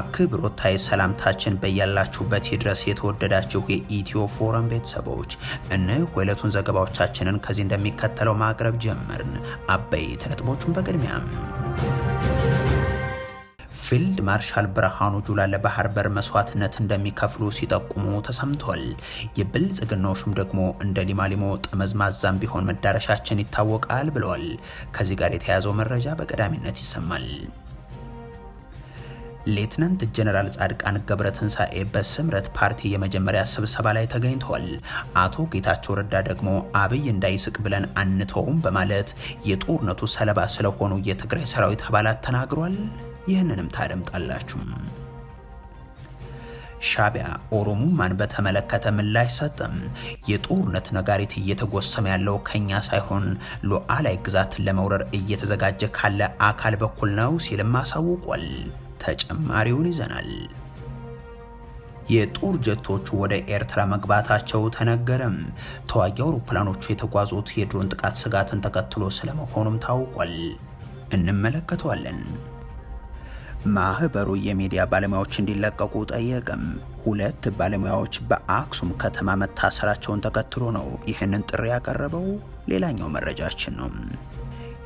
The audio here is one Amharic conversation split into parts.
አክብሮታዊ ሰላምታችን በያላችሁበት ይድረስ። የተወደዳችሁ የኢትዮ ፎረም ቤተሰቦች እነሆ ሁለቱን ዘገባዎቻችንን ከዚህ እንደሚከተለው ማቅረብ ጀመርን። አበይት ነጥቦቹን በቅድሚያም ፊልድ ማርሻል ብርሃኑ ጁላ ለባህር በር መስዋዕትነት እንደሚከፍሉ ሲጠቁሙ ተሰምቷል። የብልጽግናው ደግሞ እንደ ሊማሊሞ ጠመዝማዛም ቢሆን መዳረሻችን ይታወቃል ብለዋል። ከዚህ ጋር የተያያዘው መረጃ በቀዳሚነት ይሰማል። ሌትናንት ጀነራል ጻድቃን ገብረ ትንሳኤ በስምረት ፓርቲ የመጀመሪያ ስብሰባ ላይ ተገኝተዋል። አቶ ጌታቸው ረዳ ደግሞ አብይ እንዳይስቅ ብለን አንተውም በማለት የጦርነቱ ሰለባ ስለሆኑ የትግራይ ሰራዊት አባላት ተናግሯል። ይህንንም ታደምጣላችሁ። ሻቢያ ኦሮሙማን በተመለከተ ምላሽ ሰጠም። የጦርነት ነጋሪት እየተጎሰመ ያለው ከኛ ሳይሆን ሉዓላዊ ግዛትን ለመውረር እየተዘጋጀ ካለ አካል በኩል ነው ሲልም አሳውቋል። ተጨማሪውን ይዘናል። የጦር ጀቶቹ ወደ ኤርትራ መግባታቸው ተነገረም። ተዋጊ አውሮፕላኖቹ የተጓዙት የድሮን ጥቃት ስጋትን ተከትሎ ስለመሆኑም ታውቋል። እንመለከተዋለን። ማህበሩ የሚዲያ ባለሙያዎች እንዲለቀቁ ጠየቅም። ሁለት ባለሙያዎች በአክሱም ከተማ መታሰራቸውን ተከትሎ ነው ይህንን ጥሪ ያቀረበው። ሌላኛው መረጃችን ነው።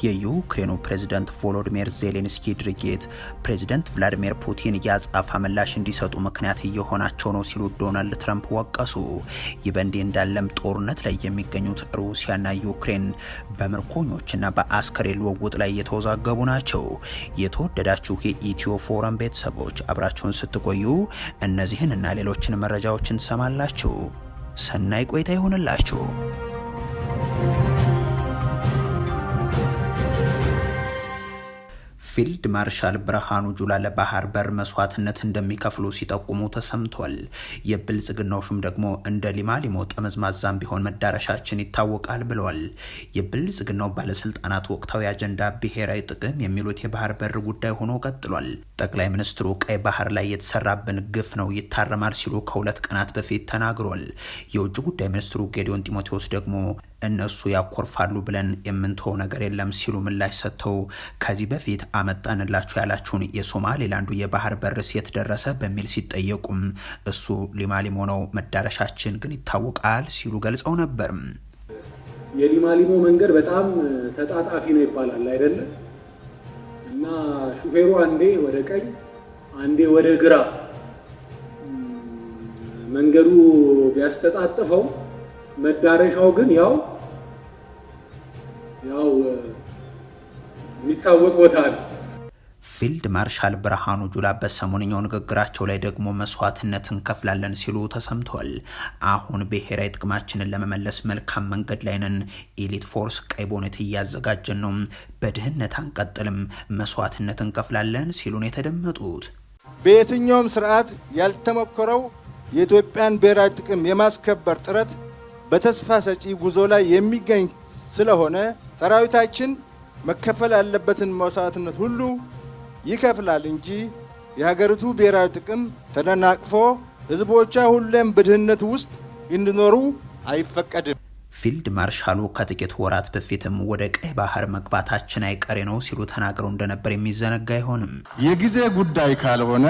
የዩክሬኑ ፕሬዝደንት ቮሎዲሚር ዜሌንስኪ ድርጊት ፕሬዝደንት ቭላዲሚር ፑቲን የአጸፋ ምላሽ እንዲሰጡ ምክንያት እየሆናቸው ነው ሲሉ ዶናልድ ትራምፕ ወቀሱ። ይህ በእንዲህ እንዳለም ጦርነት ላይ የሚገኙት ሩሲያና ዩክሬን በምርኮኞችና በአስከሬን ልውውጥ ላይ የተወዛገቡ ናቸው። የተወደዳችሁ የኢትዮ ፎረም ቤተሰቦች አብራችሁን ስትቆዩ እነዚህን እና ሌሎችን መረጃዎችን ትሰማላችሁ። ሰናይ ቆይታ ይሆንላችሁ። ፊልድ ማርሻል ብርሃኑ ጁላ ለባህር በር መስዋዕትነት እንደሚከፍሉ ሲጠቁሙ ተሰምቷል። የብልጽግናው ሹም ደግሞ እንደ ሊማሊሞ ጠመዝማዛም ቢሆን መዳረሻችን ይታወቃል ብለዋል። የብልጽግናው ባለስልጣናት ወቅታዊ አጀንዳ ብሔራዊ ጥቅም የሚሉት የባህር በር ጉዳይ ሆኖ ቀጥሏል። ጠቅላይ ሚኒስትሩ ቀይ ባህር ላይ የተሰራብን ግፍ ነው ይታረማል ሲሉ ከሁለት ቀናት በፊት ተናግሯል። የውጭ ጉዳይ ሚኒስትሩ ጌዲዮን ጢሞቴዎስ ደግሞ እነሱ ያኮርፋሉ ብለን የምንተው ነገር የለም ሲሉ ምላሽ ሰጥተው ከዚህ በፊት አመጣንላችሁ ያላችሁን የሶማሌላንዱ የባህር በርስ ሴት ደረሰ በሚል ሲጠየቁም እሱ ሊማሊሞ ነው መዳረሻችን ግን ይታወቃል ሲሉ ገልጸው ነበር። የሊማሊሞ መንገድ በጣም ተጣጣፊ ነው ይባላል አይደለም እና ሹፌሩ አንዴ ወደ ቀኝ አንዴ ወደ ግራ መንገዱ ቢያስተጣጥፈው መዳረሻው ግን ያው ያው የሚታወቅ ቦታ ነው። ፊልድ ማርሻል ብርሃኑ ጁላ በሰሞንኛው ንግግራቸው ላይ ደግሞ መስዋዕትነት እንከፍላለን ሲሉ ተሰምተዋል። አሁን ብሔራዊ ጥቅማችንን ለመመለስ መልካም መንገድ ላይ ነን። ኤሊት ፎርስ ቀይ ቦኔት እያዘጋጀን ነው። በድህነት አንቀጥልም፣ መስዋዕትነት እንከፍላለን ሲሉ ነው የተደመጡት በየትኛውም ስርዓት ያልተሞከረው የኢትዮጵያን ብሔራዊ ጥቅም የማስከበር ጥረት በተስፋ ሰጪ ጉዞ ላይ የሚገኝ ስለሆነ ሰራዊታችን መከፈል ያለበትን መስዋዕትነት ሁሉ ይከፍላል እንጂ የሀገሪቱ ብሔራዊ ጥቅም ተደናቅፎ ህዝቦቿ ሁሌም በድህነት ውስጥ እንዲኖሩ አይፈቀድም። ፊልድ ማርሻሉ ከጥቂት ወራት በፊትም ወደ ቀይ ባህር መግባታችን አይቀሬ ነው ሲሉ ተናግረው እንደነበር የሚዘነጋ አይሆንም። የጊዜ ጉዳይ ካልሆነ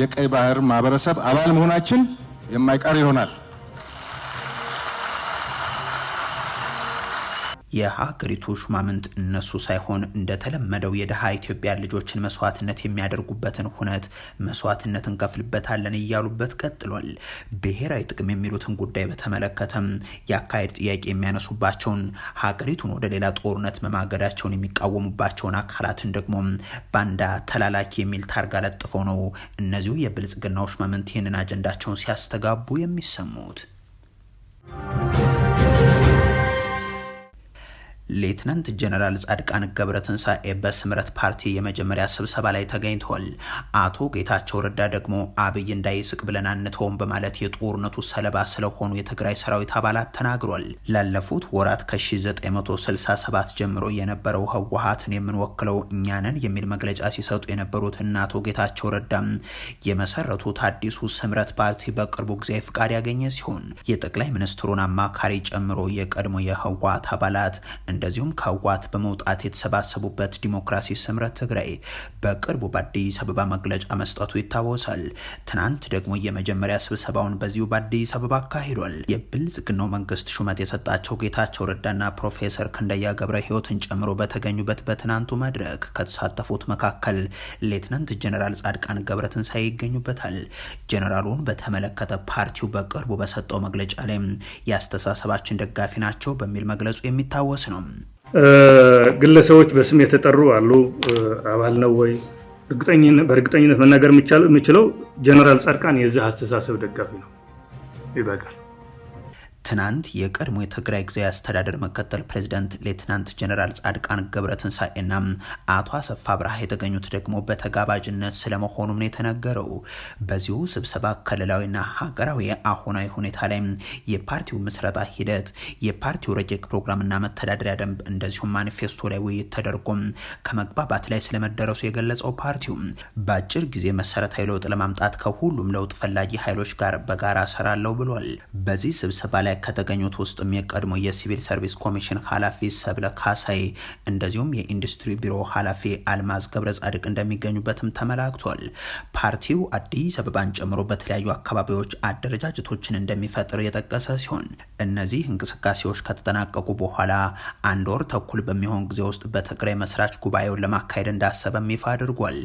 የቀይ ባህር ማህበረሰብ አባል መሆናችን የማይቀር ይሆናል። የሀገሪቱ ሹማምንት እነሱ ሳይሆን እንደተለመደው የድሃ ኢትዮጵያ ልጆችን መስዋዕትነት የሚያደርጉበትን ሁነት መስዋዕትነት እንከፍልበታለን እያሉበት ቀጥሏል። ብሔራዊ ጥቅም የሚሉትን ጉዳይ በተመለከተም የአካሄድ ጥያቄ የሚያነሱባቸውን ሀገሪቱን ወደ ሌላ ጦርነት መማገዳቸውን የሚቃወሙባቸውን አካላትን ደግሞ ባንዳ፣ ተላላኪ የሚል ታርጋ ለጥፈው ነው እነዚሁ የብልጽግናው ሹማምንት ይህንን አጀንዳቸውን ሲያስተጋቡ የሚሰሙት። ሌትናንት ጀነራል ጻድቃን ገብረ ትንሳኤ በስምረት ፓርቲ የመጀመሪያ ስብሰባ ላይ ተገኝተዋል። አቶ ጌታቸው ረዳ ደግሞ አብይ እንዳይስቅ ብለን አንተውም በማለት የጦርነቱ ሰለባ ስለሆኑ የትግራይ ሰራዊት አባላት ተናግሯል። ላለፉት ወራት ከ1967 ጀምሮ የነበረው ህወሀትን የምንወክለው እኛንን የሚል መግለጫ ሲሰጡ የነበሩት እና አቶ ጌታቸው ረዳም የመሰረቱት አዲሱ ስምረት ፓርቲ በቅርቡ ጊዜ ፍቃድ ያገኘ ሲሆን የጠቅላይ ሚኒስትሩን አማካሪ ጨምሮ የቀድሞ የህወሀት አባላት እንደዚሁም ከህወሓት በመውጣት የተሰባሰቡበት ዲሞክራሲ ስምረት ትግራይ በቅርቡ በአዲስ አበባ መግለጫ መስጠቱ ይታወሳል። ትናንት ደግሞ የመጀመሪያ ስብሰባውን በዚሁ በአዲስ አበባ አካሂዷል። የብልጽግናው መንግስት ሹመት የሰጣቸው ጌታቸው ረዳና ፕሮፌሰር ክንደያ ገብረ ህይወትን ጨምሮ በተገኙበት በትናንቱ መድረክ ከተሳተፉት መካከል ሌትናንት ጀኔራል ጻድቃን ገብረትንሳኤ ይገኙበታል። ጀነራሉን በተመለከተ ፓርቲው በቅርቡ በሰጠው መግለጫ ላይ የአስተሳሰባችን ደጋፊ ናቸው በሚል መግለጹ የሚታወስ ነው። ግለሰቦች በስም የተጠሩ አሉ። አባል ነው ወይ? በእርግጠኝነት መናገር የምችለው ጀነራል ጻድቃን የዚህ አስተሳሰብ ደጋፊ ነው። ይበቃል። ትናንት የቀድሞ የትግራይ ጊዜያዊ አስተዳደር ምክትል ፕሬዚደንት ሌትናንት ጀነራል ጻድቃን ገብረትንሳኤና አቶ አሰፋ ብርሃ የተገኙት ደግሞ በተጋባዥነት ስለመሆኑም ነው የተነገረው። በዚሁ ስብሰባ ክልላዊና ሀገራዊ አሁናዊ ሁኔታ ላይ የፓርቲው ምስረታ ሂደት፣ የፓርቲው ረቂቅ ፕሮግራምና መተዳደሪያ ደንብ እንደዚሁም ማኒፌስቶ ላይ ውይይት ተደርጎም ከመግባባት ላይ ስለመደረሱ የገለጸው ፓርቲው በአጭር ጊዜ መሰረታዊ ለውጥ ለማምጣት ከሁሉም ለውጥ ፈላጊ ኃይሎች ጋር በጋራ ሰራለው ብሏል። በዚህ ስብሰባ ላይ ከተገኙት ውስጥም የቀድሞ የሲቪል ሰርቪስ ኮሚሽን ኃላፊ ሰብለ ካሳይ እንደዚሁም የኢንዱስትሪ ቢሮ ኃላፊ አልማዝ ገብረ ጻድቅ እንደሚገኙበትም ተመላክቷል። ፓርቲው አዲስ አበባን ጨምሮ በተለያዩ አካባቢዎች አደረጃጀቶችን እንደሚፈጥር የጠቀሰ ሲሆን እነዚህ እንቅስቃሴዎች ከተጠናቀቁ በኋላ አንድ ወር ተኩል በሚሆን ጊዜ ውስጥ በትግራይ መስራች ጉባኤውን ለማካሄድ እንዳሰበም ይፋ አድርጓል።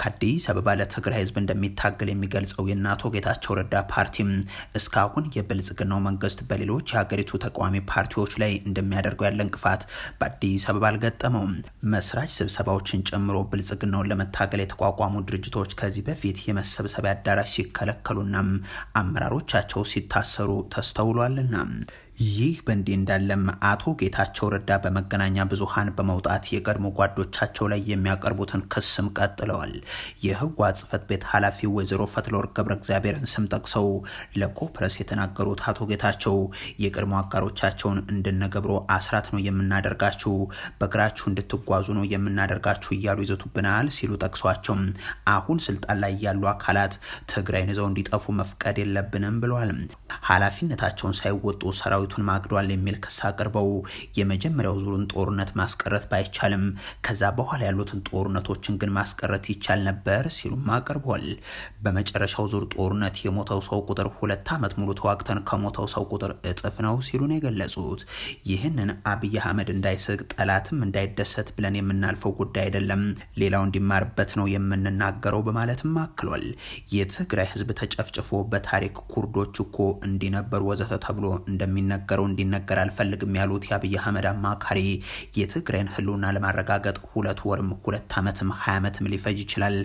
ከአዲስ አበባ ለትግራይ ህዝብ እንደሚታገል የሚገልጸው የእነ አቶ ጌታቸው ረዳ ፓርቲም እስካሁን የብልጽግናው መንግስት በ በሌሎች የሀገሪቱ ተቃዋሚ ፓርቲዎች ላይ እንደሚያደርገው ያለ እንቅፋት በአዲስ አበባ አልገጠመውም። መስራች ስብሰባዎችን ጨምሮ ብልጽግናውን ለመታገል የተቋቋሙ ድርጅቶች ከዚህ በፊት የመሰብሰቢያ አዳራሽ ሲከለከሉና አመራሮቻቸው ሲታሰሩ ተስተውሏልና ይህ በእንዲህ እንዳለም አቶ ጌታቸው ረዳ በመገናኛ ብዙሃን በመውጣት የቀድሞ ጓዶቻቸው ላይ የሚያቀርቡትን ክስም ቀጥለዋል። የህወሓት ጽህፈት ቤት ኃላፊ ወይዘሮ ፈትለወርቅ ገብረ እግዚአብሔርን ስም ጠቅሰው ለኮፕረስ የተናገሩት አቶ ጌታቸው የቀድሞ አጋሮቻቸውን እንድነገብሮ አስራት ነው የምናደርጋችሁ፣ በእግራችሁ እንድትጓዙ ነው የምናደርጋችሁ እያሉ ይዘቱብናል ሲሉ ጠቅሷቸው አሁን ስልጣን ላይ ያሉ አካላት ትግራይን ይዘው እንዲጠፉ መፍቀድ የለብንም ብለዋል። ኃላፊነታቸውን ሳይወጡ ሰራዊት ሰራዊቱን ማግዷል የሚል ክስ አቅርበው የመጀመሪያው ዙሩን ጦርነት ማስቀረት ባይቻልም ከዛ በኋላ ያሉትን ጦርነቶችን ግን ማስቀረት ይቻል ነበር ሲሉም አቅርቧል። በመጨረሻው ዙር ጦርነት የሞተው ሰው ቁጥር ሁለት ዓመት ሙሉ ተዋግተን ከሞተው ሰው ቁጥር እጥፍ ነው ሲሉ ነው የገለጹት። ይህንን አብይ አህመድ እንዳይስቅ ጠላትም እንዳይደሰት ብለን የምናልፈው ጉዳይ አይደለም፣ ሌላው እንዲማርበት ነው የምንናገረው በማለትም አክሏል። የትግራይ ህዝብ ተጨፍጭፎ በታሪክ ኩርዶች እኮ እንዲነበሩ ወዘተ ተብሎ እንደሚ የሚነገረው እንዲነገር አልፈልግም ያሉት የአብይ አህመድ አማካሪ የትግራይን ህልውና ለማረጋገጥ ሁለት ወርም ሁለት ዓመትም ሀያ ዓመትም ሊፈጅ ይችላል።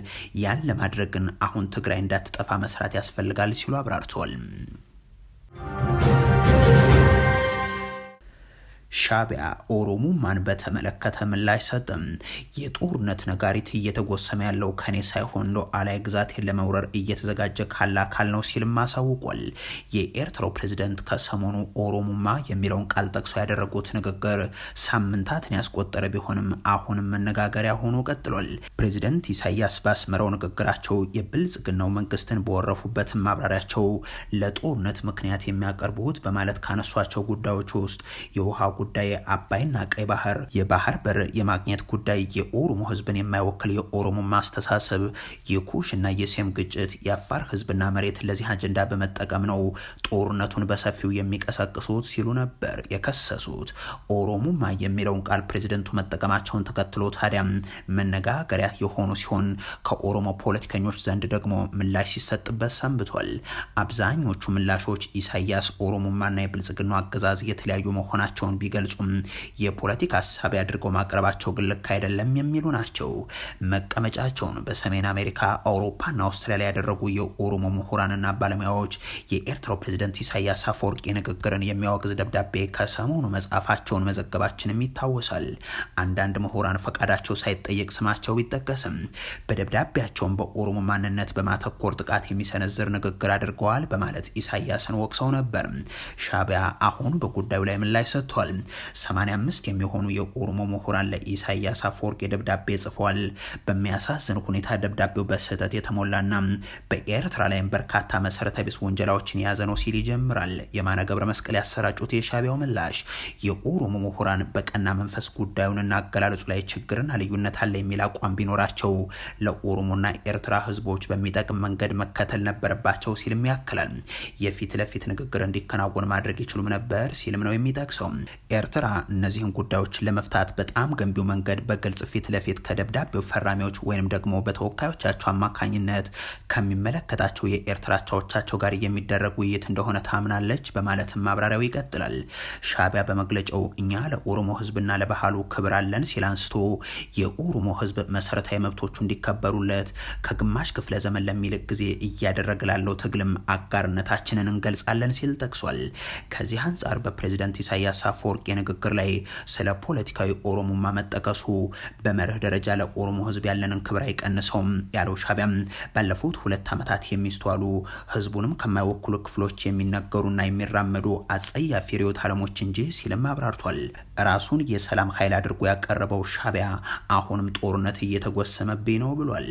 ያን ለማድረግ ግን አሁን ትግራይ እንዳትጠፋ መስራት ያስፈልጋል ሲሉ አብራርተዋል። ሻቢያ ኦሮሙማን በተመለከተ ምላሽ ሰጥም የጦርነት ነጋሪት እየተጎሰመ ያለው ከኔ ሳይሆን ሉዓላዊ ግዛቴን ለመውረር እየተዘጋጀ ካለ አካል ነው ሲልም አሳውቋል። የኤርትራው ፕሬዝደንት ከሰሞኑ ኦሮሞማ የሚለውን ቃል ጠቅሶ ያደረጉት ንግግር ሳምንታትን ያስቆጠረ ቢሆንም አሁንም መነጋገሪያ ሆኖ ቀጥሏል። ፕሬዚደንት ኢሳያስ ባስመራው ንግግራቸው የብልጽግናው መንግስትን በወረፉበትም ማብራሪያቸው ለጦርነት ምክንያት የሚያቀርቡት በማለት ካነሷቸው ጉዳዮች ውስጥ የውሃ ጉዳ ጉዳይ አባይና ቀይ ባህር፣ የባህር በር የማግኘት ጉዳይ የኦሮሞ ህዝብን የማይወክል የኦሮሞ ማስተሳሰብ፣ የኩሽና የሴም ግጭት የአፋር ህዝብና መሬት ለዚህ አጀንዳ በመጠቀም ነው ጦርነቱን በሰፊው የሚቀሰቅሱት ሲሉ ነበር የከሰሱት። ኦሮሞማ የሚለውን ቃል ፕሬዚደንቱ መጠቀማቸውን ተከትሎ ታዲያም መነጋገሪያ የሆኑ ሲሆን ከኦሮሞ ፖለቲከኞች ዘንድ ደግሞ ምላሽ ሲሰጥበት ሰንብቷል። አብዛኞቹ ምላሾች ኢሳያስ ኦሮሞማና የብልጽግና አገዛዝ የተለያዩ መሆናቸውን ቢገል ቢገልጹም የፖለቲካ ሀሳብ አድርገው ማቅረባቸው ግን ልክ አይደለም የሚሉ ናቸው። መቀመጫቸውን በሰሜን አሜሪካ፣ አውሮፓና አውስትራሊያ ያደረጉ የኦሮሞ ምሁራንና ባለሙያዎች የኤርትራው ፕሬዝደንት ኢሳያስ አፈወርቂ ንግግርን የሚያወግዝ ደብዳቤ ከሰሞኑ መጻፋቸውን መዘገባችንም ይታወሳል። አንዳንድ ምሁራን ፈቃዳቸው ሳይጠየቅ ስማቸው ቢጠቀስም በደብዳቤያቸውን በኦሮሞ ማንነት በማተኮር ጥቃት የሚሰነዝር ንግግር አድርገዋል በማለት ኢሳያስን ወቅሰው ነበር። ሻቢያ አሁን በጉዳዩ ላይ ምላሽ ሰጥቷል። 85 የሚሆኑ የኦሮሞ ምሁራን ለኢሳያስ አፈወርቂ ደብዳቤ ጽፏል። በሚያሳዝን ሁኔታ ደብዳቤው በስህተት የተሞላና በኤርትራ ላይም በርካታ መሰረተ ቢስ ወንጀላዎችን የያዘ ነው ሲል ይጀምራል። የማነ ገብረ መስቀል ያሰራጩት የሻቢያው ምላሽ የኦሮሞ ምሁራን በቀና መንፈስ ጉዳዩንና አገላለጹ ላይ ችግርና ልዩነት አለ የሚል አቋም ቢኖራቸው ለኦሮሞና ኤርትራ ህዝቦች በሚጠቅም መንገድ መከተል ነበረባቸው ሲልም ያክላል። የፊት ለፊት ንግግር እንዲከናወን ማድረግ ይችሉም ነበር ሲልም ነው የሚጠቅሰው። ኤርትራ እነዚህን ጉዳዮች ለመፍታት በጣም ገንቢው መንገድ በግልጽ ፊት ለፊት ከደብዳቤው ፈራሚዎች ወይም ደግሞ በተወካዮቻቸው አማካኝነት ከሚመለከታቸው የኤርትራ አቻዎቻቸው ጋር የሚደረግ ውይይት እንደሆነ ታምናለች በማለትም ማብራሪያው ይቀጥላል። ሻቢያ በመግለጫው እኛ ለኦሮሞ ህዝብና ለባህሉ ክብር አለን ሲል አንስቶ የኦሮሞ ህዝብ መሰረታዊ መብቶቹ እንዲከበሩለት ከግማሽ ክፍለ ዘመን ለሚልቅ ጊዜ እያደረገ ላለው ትግልም አጋርነታችንን እንገልጻለን ሲል ጠቅሷል። ከዚህ አንጻር በፕሬዝደንት ኢሳያስ አፈወርቂ ንግግር ላይ ስለ ፖለቲካዊ ኦሮሞማ መጠቀሱ በመርህ ደረጃ ለኦሮሞ ህዝብ ያለንን ክብር አይቀንሰውም ያለው ሻቢያም ባለፉት ሁለት ዓመታት የሚስተዋሉ ህዝቡንም ከማይወክሉ ክፍሎች የሚነገሩና የሚራመዱ አጸያፊ ርዕዮተ ዓለሞች እንጂ ሲልም አብራርቷል። ራሱን የሰላም ኃይል አድርጎ ያቀረበው ሻቢያ አሁንም ጦርነት እየተጎሰመብኝ ነው ብሏል።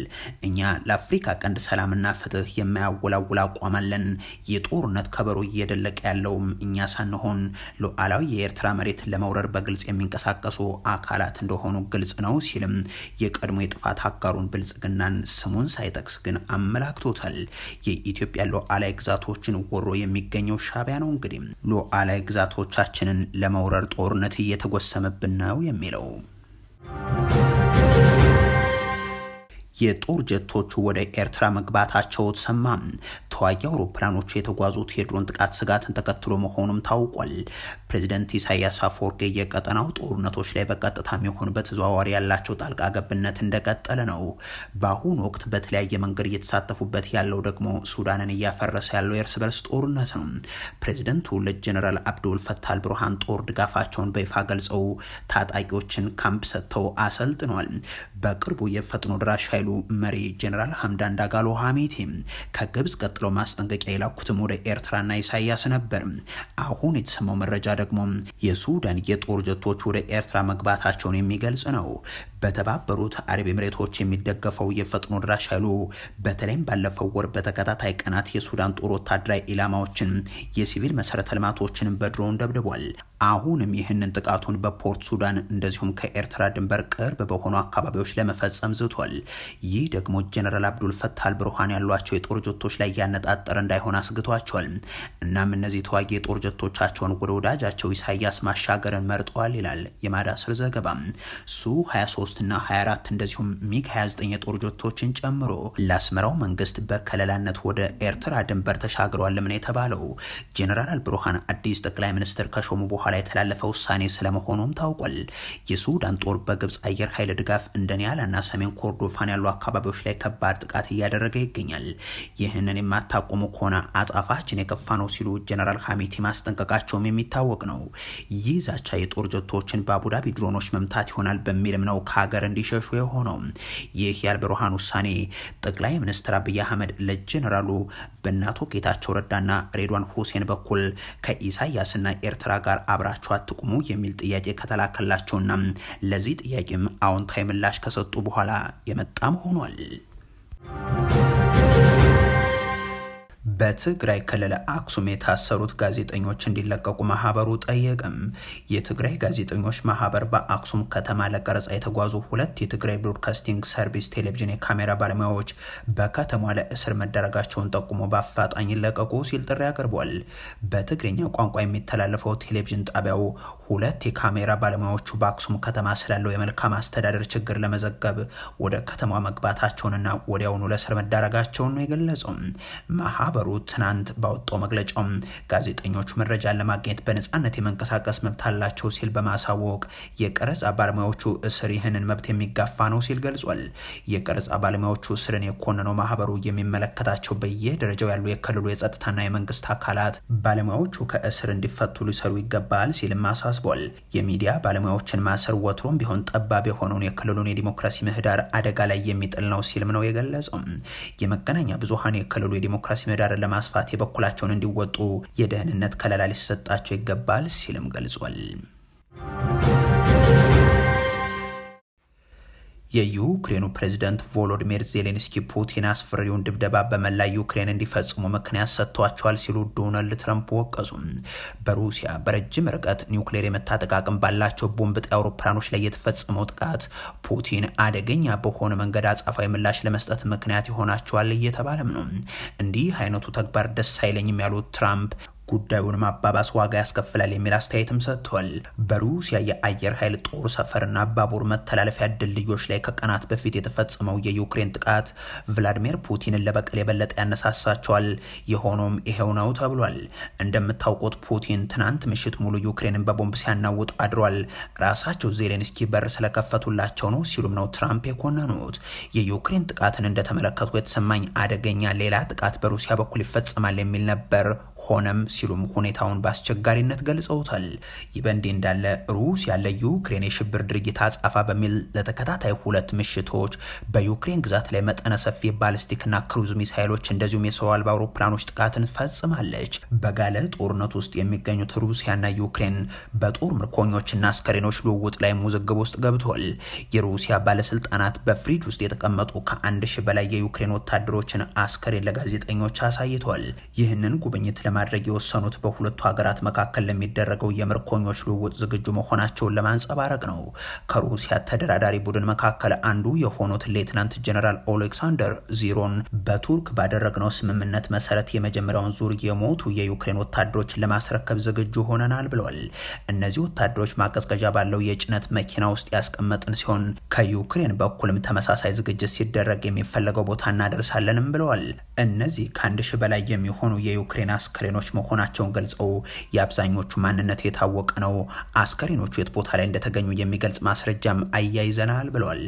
እኛ ለአፍሪካ ቀንድ ሰላምና ፍትህ የማያወላውል አቋም አለን። የጦርነት ከበሮ እየደለቀ ያለውም እኛ ሳንሆን ሉዓላዊ የኤርትራ መሬት ለመውረር በግልጽ የሚንቀሳቀሱ አካላት እንደሆኑ ግልጽ ነው ሲልም የቀድሞ የጥፋት አጋሩን ብልጽግናን ስሙን ሳይጠቅስ ግን አመላክቶታል። የኢትዮጵያ ሉዓላዊ ግዛቶችን ወሮ የሚገኘው ሻቢያ ነው። እንግዲህ ሉዓላዊ ግዛቶቻችንን ለመውረር ጦርነት እየ እየተጎሰመብን ነው የሚለው የጦር ጀቶቹ ወደ ኤርትራ መግባታቸው ተሰማ። ተዋጊ አውሮፕላኖቹ የተጓዙት የድሮን ጥቃት ስጋትን ተከትሎ መሆኑም ታውቋል። ፕሬዚደንት ኢሳያስ አፈወርቄ የቀጠናው ጦርነቶች ላይ በቀጥታ የሚሆን በተዘዋዋሪ ያላቸው ጣልቃ ገብነት እንደቀጠለ ነው። በአሁኑ ወቅት በተለያየ መንገድ እየተሳተፉበት ያለው ደግሞ ሱዳንን እያፈረሰ ያለው የእርስ በርስ ጦርነት ነው። ፕሬዚደንቱ ለጀኔራል አብዱል ፈታል ብርሃን ጦር ድጋፋቸውን በይፋ ገልጸው ታጣቂዎችን ካምፕ ሰጥተው አሰልጥነዋል። በቅርቡ የፈጥኖ ድራሽ ኃይሉ መሪ ጀኔራል ሀምዳን ዳጋሎ ሀሚቲ ከግብጽ ቀጥሎ ማስጠንቀቂያ የላኩትም ወደ ኤርትራና ኢሳያስ ነበር። አሁን የተሰማው መረጃ ደግሞ የሱዳን የጦር ጀቶች ወደ ኤርትራ መግባታቸውን የሚገልጽ ነው። በተባበሩት አረብ ኤምሬቶች የሚደገፈው የፈጥኖ ድራሽ ኃይሉ በተለይም ባለፈው ወር በተከታታይ ቀናት የሱዳን ጦር ወታደራዊ ኢላማዎችን፣ የሲቪል መሰረተ ልማቶችን በድሮን ደብድቧል። አሁንም ይህንን ጥቃቱን በፖርት ሱዳን እንደዚሁም ከኤርትራ ድንበር ቅርብ በሆኑ አካባቢዎች ለመፈጸም ዝቷል። ይህ ደግሞ ጀነራል አብዱል ፈታል አልብሩሃን ያሏቸው የጦር ጀቶች ላይ ያነጣጠረ እንዳይሆን አስግቷቸዋል። እናም እነዚህ ተዋጊ የጦር ጀቶቻቸውን ወደ ወዳጃቸው ኢሳያስ ማሻገርን መርጠዋል ይላል የማዳስር ዘገባ። ሱ 23 እና 24 እንደዚሁም ሚግ 29 የጦር ጀቶችን ጨምሮ ለአስመራው መንግስት በከለላነት ወደ ኤርትራ ድንበር ተሻግረዋል። ምን የተባለው ጀነራል አልብሩሃን አዲስ ጠቅላይ ሚኒስትር ከሾሙ በኋላ የተላለፈ ውሳኔ ስለመሆኑም ታውቋል። የሱዳን ጦር በግብፅ አየር ኃይል ድጋፍ እንደኒያላ እና ሰሜን ኮርዶፋን ያሉ አካባቢዎች ላይ ከባድ ጥቃት እያደረገ ይገኛል። ይህንን የማታቆሙ ከሆነ አጻፋችን የከፋ ነው ሲሉ ጀነራል ሀሚቲ ማስጠንቀቃቸውም የሚታወቅ ነው። ይህ ዛቻ የጦር ጀቶችን በአቡዳቢ ድሮኖች መምታት ይሆናል በሚልም ነው ከሀገር እንዲሸሹ የሆነው። ይህ የአልበሮሃን ውሳኔ ጠቅላይ ሚኒስትር አብይ አህመድ ለጀነራሉ በእናቶ ጌታቸው ረዳና ሬድዋን ሁሴን በኩል ከኢሳያስና ኤርትራ ጋር አብራቸው አትቁሙ የሚል ጥያቄ ከተላከላቸውና ለዚህ ጥያቄም አዎንታዊ ምላሽ ከሰጡ በኋላ የመጣ ሆኗል። በትግራይ ክልል አክሱም የታሰሩት ጋዜጠኞች እንዲለቀቁ ማህበሩ ጠየቅም። የትግራይ ጋዜጠኞች ማህበር በአክሱም ከተማ ለቀረጻ የተጓዙ ሁለት የትግራይ ብሮድካስቲንግ ሰርቪስ ቴሌቪዥን የካሜራ ባለሙያዎች በከተማ ለእስር መደረጋቸውን ጠቁሞ በአፋጣኝ ይለቀቁ ሲል ጥሪ አቅርቧል። በትግርኛ ቋንቋ የሚተላለፈው ቴሌቪዥን ጣቢያው ሁለት የካሜራ ባለሙያዎቹ በአክሱም ከተማ ስላለው የመልካም አስተዳደር ችግር ለመዘገብ ወደ ከተማ መግባታቸውንና ወዲያውኑ ለእስር መዳረጋቸውን ነው የገለጸው። ማህበሩ ትናንት ባወጣው መግለጫው ጋዜጠኞች መረጃን ለማግኘት በነጻነት የመንቀሳቀስ መብት አላቸው ሲል በማሳወቅ የቀረጻ ባለሙያዎቹ እስር ይህንን መብት የሚጋፋ ነው ሲል ገልጿል። የቀረጻ ባለሙያዎቹ እስርን የኮነነው ማህበሩ የሚመለከታቸው በየደረጃው ያሉ የክልሉ የጸጥታና የመንግስት አካላት ባለሙያዎቹ ከእስር እንዲፈቱ ሊሰሩ ይገባል ሲልም አሳስቧል። የሚዲያ ባለሙያዎችን ማሰር ወትሮም ቢሆን ጠባብ የሆነውን የክልሉን የዲሞክራሲ ምህዳር አደጋ ላይ የሚጥል ነው ሲልም ነው የገለጸው። የመገናኛ ብዙሀን የክልሉ የዲሞክራሲ ምህዳር ምህዳርን ለማስፋት የበኩላቸውን እንዲወጡ የደህንነት ከለላ ሊሰጣቸው ይገባል ሲልም ገልጿል። የዩክሬኑ ፕሬዚደንት ቮሎዲሚር ዜሌንስኪ ፑቲን አስፈሪውን ድብደባ በመላ ዩክሬን እንዲፈጽሙ ምክንያት ሰጥቷቸዋል ሲሉ ዶናልድ ትራምፕ ወቀሱ። በሩሲያ በረጅም ርቀት ኒውክሌር የመታጠቅ አቅም ባላቸው ቦምብ ጣይ አውሮፕላኖች ላይ የተፈጸመው ጥቃት ፑቲን አደገኛ በሆነ መንገድ አጻፋዊ ምላሽ ለመስጠት ምክንያት ይሆናቸዋል እየተባለም ነው። እንዲህ አይነቱ ተግባር ደስ አይለኝም ያሉት ትራምፕ ጉዳዩን ማባባስ ዋጋ ያስከፍላል የሚል አስተያየትም ሰጥቷል። በሩሲያ የአየር ኃይል ጦር ሰፈርና ባቡር መተላለፊያ ድልድዮች ላይ ከቀናት በፊት የተፈጸመው የዩክሬን ጥቃት ቭላዲሚር ፑቲንን ለበቀል የበለጠ ያነሳሳቸዋል። የሆኖም ይሄው ነው ተብሏል። እንደምታውቁት ፑቲን ትናንት ምሽት ሙሉ ዩክሬንን በቦምብ ሲያናውጥ አድሯል። ራሳቸው ዜሌንስኪ በር ስለከፈቱላቸው ነው ሲሉም ነው ትራምፕ የኮነኑት። የዩክሬን ጥቃትን እንደተመለከቱ የተሰማኝ አደገኛ ሌላ ጥቃት በሩሲያ በኩል ይፈጸማል የሚል ነበር። ሆነም ሲሉም ሁኔታውን በአስቸጋሪነት ገልጸውታል። ይህ በእንዲህ እንዳለ ሩሲያ ለዩክሬን የሽብር ድርጊት አጻፋ በሚል ለተከታታይ ሁለት ምሽቶች በዩክሬን ግዛት ላይ መጠነ ሰፊ የባለስቲክና ክሩዝ ሚሳይሎች እንደዚሁም የሰው አልባ አውሮፕላኖች ጥቃትን ፈጽማለች። በጋለ ጦርነት ውስጥ የሚገኙት ሩሲያና ዩክሬን በጦር ምርኮኞችና አስከሬኖች ልውውጥ ላይ ውዝግብ ውስጥ ገብቷል። የሩሲያ ባለስልጣናት በፍሪጅ ውስጥ የተቀመጡ ከአንድ ሺህ በላይ የዩክሬን ወታደሮችን አስከሬን ለጋዜጠኞች አሳይቷል። ይህንን ጉብኝት ለማድረግ የወ የተወሰኑት በሁለቱ ሀገራት መካከል ለሚደረገው የምርኮኞች ልውውጥ ዝግጁ መሆናቸውን ለማንጸባረቅ ነው። ከሩሲያ ተደራዳሪ ቡድን መካከል አንዱ የሆኑት ሌትናንት ጀነራል ኦሌክሳንደር ዚሮን በቱርክ ባደረግነው ስምምነት መሰረት የመጀመሪያውን ዙር የሞቱ የዩክሬን ወታደሮች ለማስረከብ ዝግጁ ሆነናል ብለዋል። እነዚህ ወታደሮች ማቀዝቀዣ ባለው የጭነት መኪና ውስጥ ያስቀመጥን ሲሆን ከዩክሬን በኩልም ተመሳሳይ ዝግጅት ሲደረግ የሚፈለገው ቦታ እናደርሳለንም ብለዋል። እነዚህ ከአንድ ሺህ በላይ የሚሆኑ የዩክሬን አስክሬኖች መሆ መሆናቸውን ገልጸው የአብዛኞቹ ማንነት የታወቀ ነው፣ አስከሬኖቹ የት ቦታ ላይ እንደተገኙ የሚገልጽ ማስረጃም አያይዘናል ብለዋል።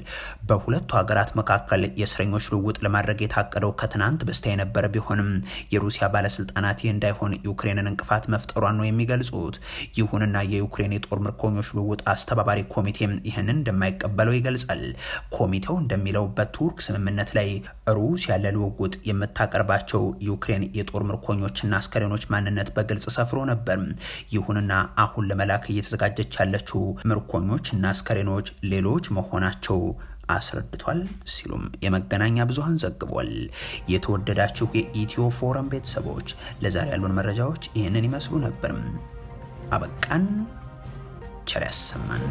በሁለቱ ሀገራት መካከል የእስረኞች ልውውጥ ለማድረግ የታቀደው ከትናንት በስቲያ የነበረ ቢሆንም የሩሲያ ባለስልጣናት ይህ እንዳይሆን ዩክሬንን እንቅፋት መፍጠሯን ነው የሚገልጹት። ይሁንና የዩክሬን የጦር ምርኮኞች ልውውጥ አስተባባሪ ኮሚቴም ይህንን እንደማይቀበለው ይገልጻል። ኮሚቴው እንደሚለው በቱርክ ስምምነት ላይ ሩሲያ ለልውውጥ የምታቀርባቸው ዩክሬን የጦር ምርኮኞችና አስከሬኖች ማንነት ስምምነት በግልጽ ሰፍሮ ነበር። ይሁንና አሁን ለመላክ እየተዘጋጀች ያለችው ምርኮኞች እና አስከሬኖች ሌሎች መሆናቸው አስረድቷል ሲሉም የመገናኛ ብዙሃን ዘግቧል። የተወደዳችሁ የኢትዮ ፎረም ቤተሰቦች ለዛሬ ያሉን መረጃዎች ይህንን ይመስሉ ነበር። አበቃን። ቸር ያሰማን።